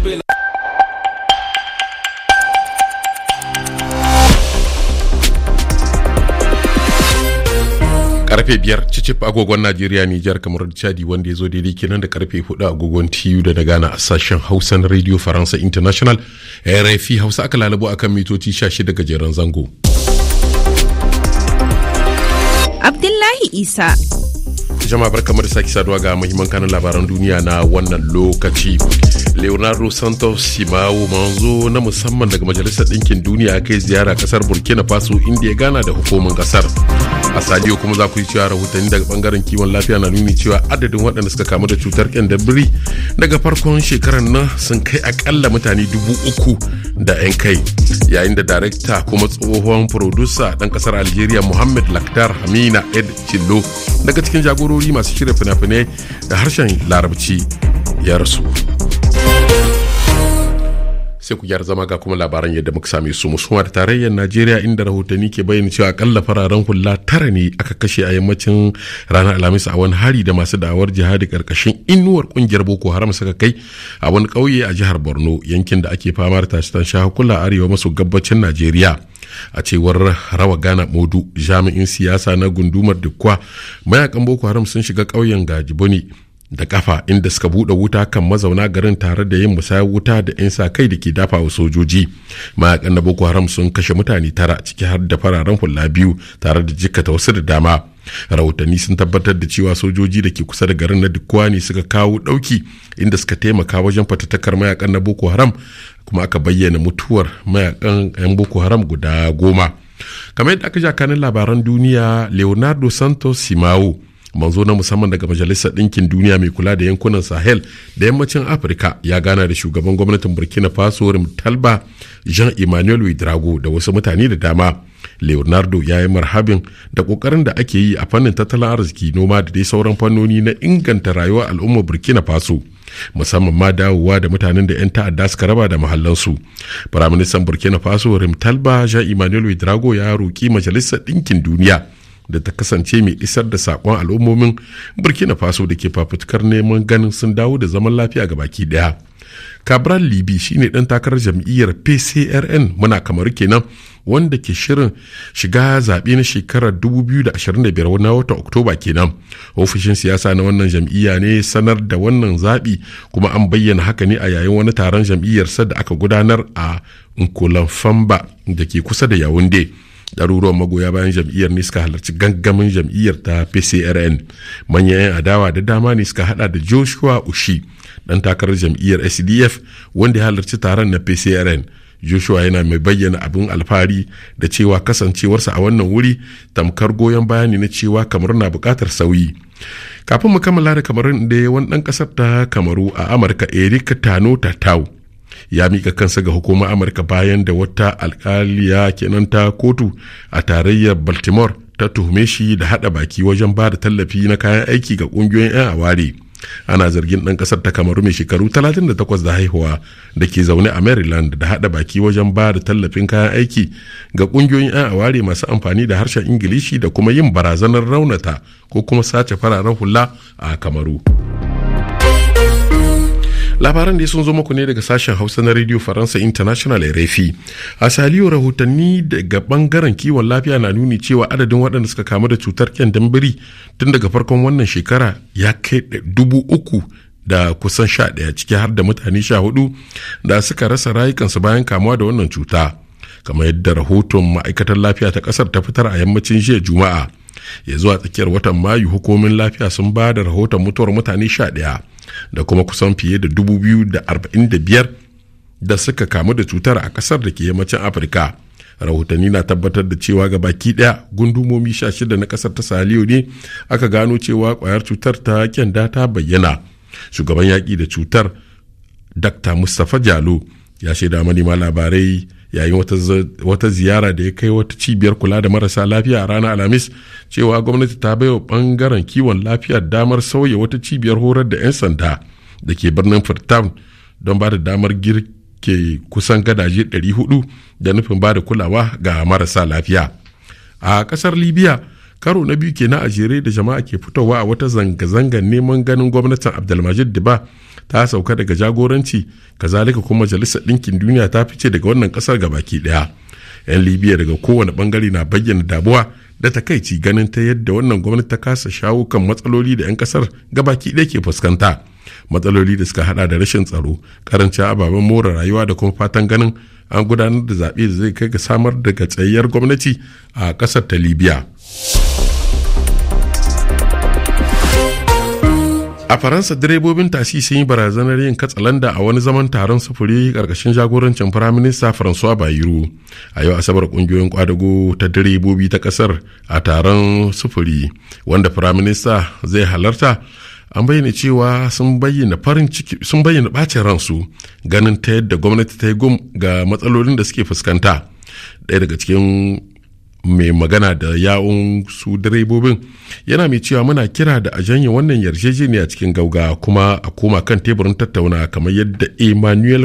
spiller. karfe biyar cicip agogon najeriya niger kamar chadi wanda ya zo daidai kenan da karfe hudu agogon tu da na gana a sashen hausa na radio faransa international rfi hausa aka lalabo a kan mitoci 16 gajeren zango abdullahi isa jama'a barkamu da sake saduwa ga muhimman kanin labaran duniya na wannan lokaci leonardo santos simao manzo na musamman daga majalisar ɗinkin duniya kai ziyara kasar burkina faso inda ya gana da hukumar kasar a sadiyo kuma za ku yi cewa rahotanni daga bangaren kiwon lafiya na nuni cewa adadin waɗanda suka kamu da cutar kyandabiri daga farkon shekarar nan sun kai akalla mutane dubu uku da 'yan kai yayin da darekta kuma tsohon furodusa ɗan kasar algeria muhammad laktar hamina ed cillo daga cikin jagorori masu shirya fina-finai da harshen larabci ya rasu. sai ku gyara zama ga kuma labaran yadda muka same su musamman da tarayyar najeriya inda rahotanni ke bayyana cewa akalla fararen hula tara ne aka kashe a yammacin ranar alhamis a wani hari da masu da'awar jihadi karkashin inuwar kungiyar boko haram suka kai a wani ƙauye a jihar borno yankin da ake fama da tashitan shahukula arewa maso gabacin najeriya a cewar rawa gana modu jami'in siyasa na gundumar dukwa mayakan boko haram sun shiga ƙauyen gajiboni da kafa inda suka buɗe wuta kan mazauna garin tare da yin musayar wuta da 'yan sa kai da ke dafa wa sojoji mayakan na boko haram sun kashe mutane tara ciki har da fararen hula biyu tare da jikkata wasu da dama rahotanni sun tabbatar da cewa sojoji da ke kusa da garin na ne suka kawo ɗauki inda suka taimaka wajen fatattakar mayakan na boko haram kuma aka bayyana mutuwar mayakan 'yan boko haram guda goma kamar yadda aka ja kanin labaran duniya leonardo santos simao manzo na musamman daga majalisar ɗinkin duniya mai kula da yankunan sahel da yammacin afirka ya gana da shugaban gwamnatin burkina faso rim talba jean emmanuel widrago da wasu mutane da dama leonardo ya yi marhabin da kokarin da ake yi a fannin tattalin arziki noma da dai sauran fannoni na inganta rayuwar al'ummar burkina faso musamman ma dawowa da mutanen da 'yan ta'adda suka raba da mahallansu firaministan burkina faso rim talba jean emmanuel widrago ya roƙi majalisar ɗinkin duniya da ta kasance mai isar da sakon al'ummomin burkina faso da ke fafutukar neman ganin sun dawo da zaman lafiya ga baki daya cabral libi shine ɗan takarar jam'iyyar pcrn muna kamar kenan wanda ke shirin shiga zaɓe na shekarar 2025 na watan oktoba kenan ofishin siyasa na wannan jam'iyya ne sanar da wannan zaɓi kuma an bayyana haka ne a yayin wani taron jam'iyyar sa da aka gudanar a nkolanfamba da ke kusa da yawunde ɗaruruwan magoya bayan jam'iyyar ne suka halarci gangamin jam'iyyar ta pcrn manyan 'yan adawa da dama ne suka hada da joshua ushi ɗan takarar jam'iyyar sdf wanda ya halarci taron na pcrn joshua yana mai bayyana abin alfahari da cewa kasancewarsa a wannan wuri tamkar goyon bayani na cewa kamar na bukatar sauyi kafin mu kammala da kamarin da wani ɗan ƙasar ta kamaru a amurka eric tano ta'u. ya mika kansa ga hukumar amurka bayan da wata alkaliya kenan ta kotu a tarayyar baltimore ta tuhume shi da hada baki wajen ba da tallafi na kayan aiki ga kungiyoyin 'yan aware ana zargin dan kasar ta kamaru mai shekaru 38 da haihuwa da ke zaune a maryland da hada baki wajen ba da tallafin kayan aiki ga kungiyoyin 'yan aware masu amfani da harshen ingilishi da kuma yin barazanar raunata ko kuma sace fararen hula a kamaru. labaran da sun zo muku ne daga sashen hausa na radio faransa international rfi a saliyo rahotanni daga bangaren kiwon lafiya na nuni cewa adadin waɗanda suka kamu da cutar kyandambiri tun daga farkon wannan shekara ya kai dubu uku da kusan sha ɗaya ciki har da mutane sha hudu da suka rasa rayukansu bayan kamuwa da wannan cuta kamar yadda rahoton ma'aikatar lafiya ta ƙasar ta fitar a yammacin jiya juma'a ya zuwa tsakiyar watan mayu hukumomin lafiya sun ba da rahoton mutuwar mutane sha ɗaya da kuma kusan fiye da dubu biyu da arba'in da da biyar suka kamu da cutar a kasar da ke yammacin afirka rahotanni na tabbatar da cewa ga baki daya gundumomi 16 na kasar ta saliyo ne aka gano cewa kwayar cutar ta kyanda ta bayyana shugaban yaƙi da cutar dr mustapha jalo ya shaida manema labarai yayin wata ziyara da ya kai wata cibiyar kula da marasa lafiya a ranar alhamis cewa gwamnati ta bai wa bangaren kiwon lafiya damar sauya wata cibiyar horar da 'yan sanda da ke birnin town don ba da damar girke kusan gadaje 400 da nufin ba da kulawa ga marasa lafiya a kasar libya karo na biyu kenan a jere da jama'a ke fitowa a wata zanga-zangar neman ganin gwamnatin abdulmajid diba ta sauka daga jagoranci kazalika kuma majalisar ɗinkin duniya ta fice daga wannan ƙasar baki ɗaya 'yan libiya daga kowane ɓangare na bayyana damuwa da takaici ganin ta yadda wannan gwamnati ta kasa shawo kan matsaloli da 'yan ƙasar gabaki ɗaya ke fuskanta matsaloli da suka hada da rashin tsaro karanci ababen more rayuwa da kuma fatan ganin an gudanar da zaɓe da zai kai ga samar daga tsayayyar gwamnati a ƙasar ta libiya. a faransa direbobin tasi sun yi barazanar yin katsalanda a wani zaman taron sufuri karkashin jagorancin firaminista françois bayiru a yau asabar kungiyoyin kwadago ta direbobi ta kasar a taron sufuri wanda firaminista zai halarta an bayyana cewa sun bayyana farin ransu ganin ta yadda gwamnati ta yi gum ga matsalolin da suke fuskanta ɗaya daga cikin mai magana da yawun su direbobin yana mai cewa muna kira da a janye wannan yarjejeniya cikin gauga kuma a koma kan teburin tattauna kamar yadda emmanuel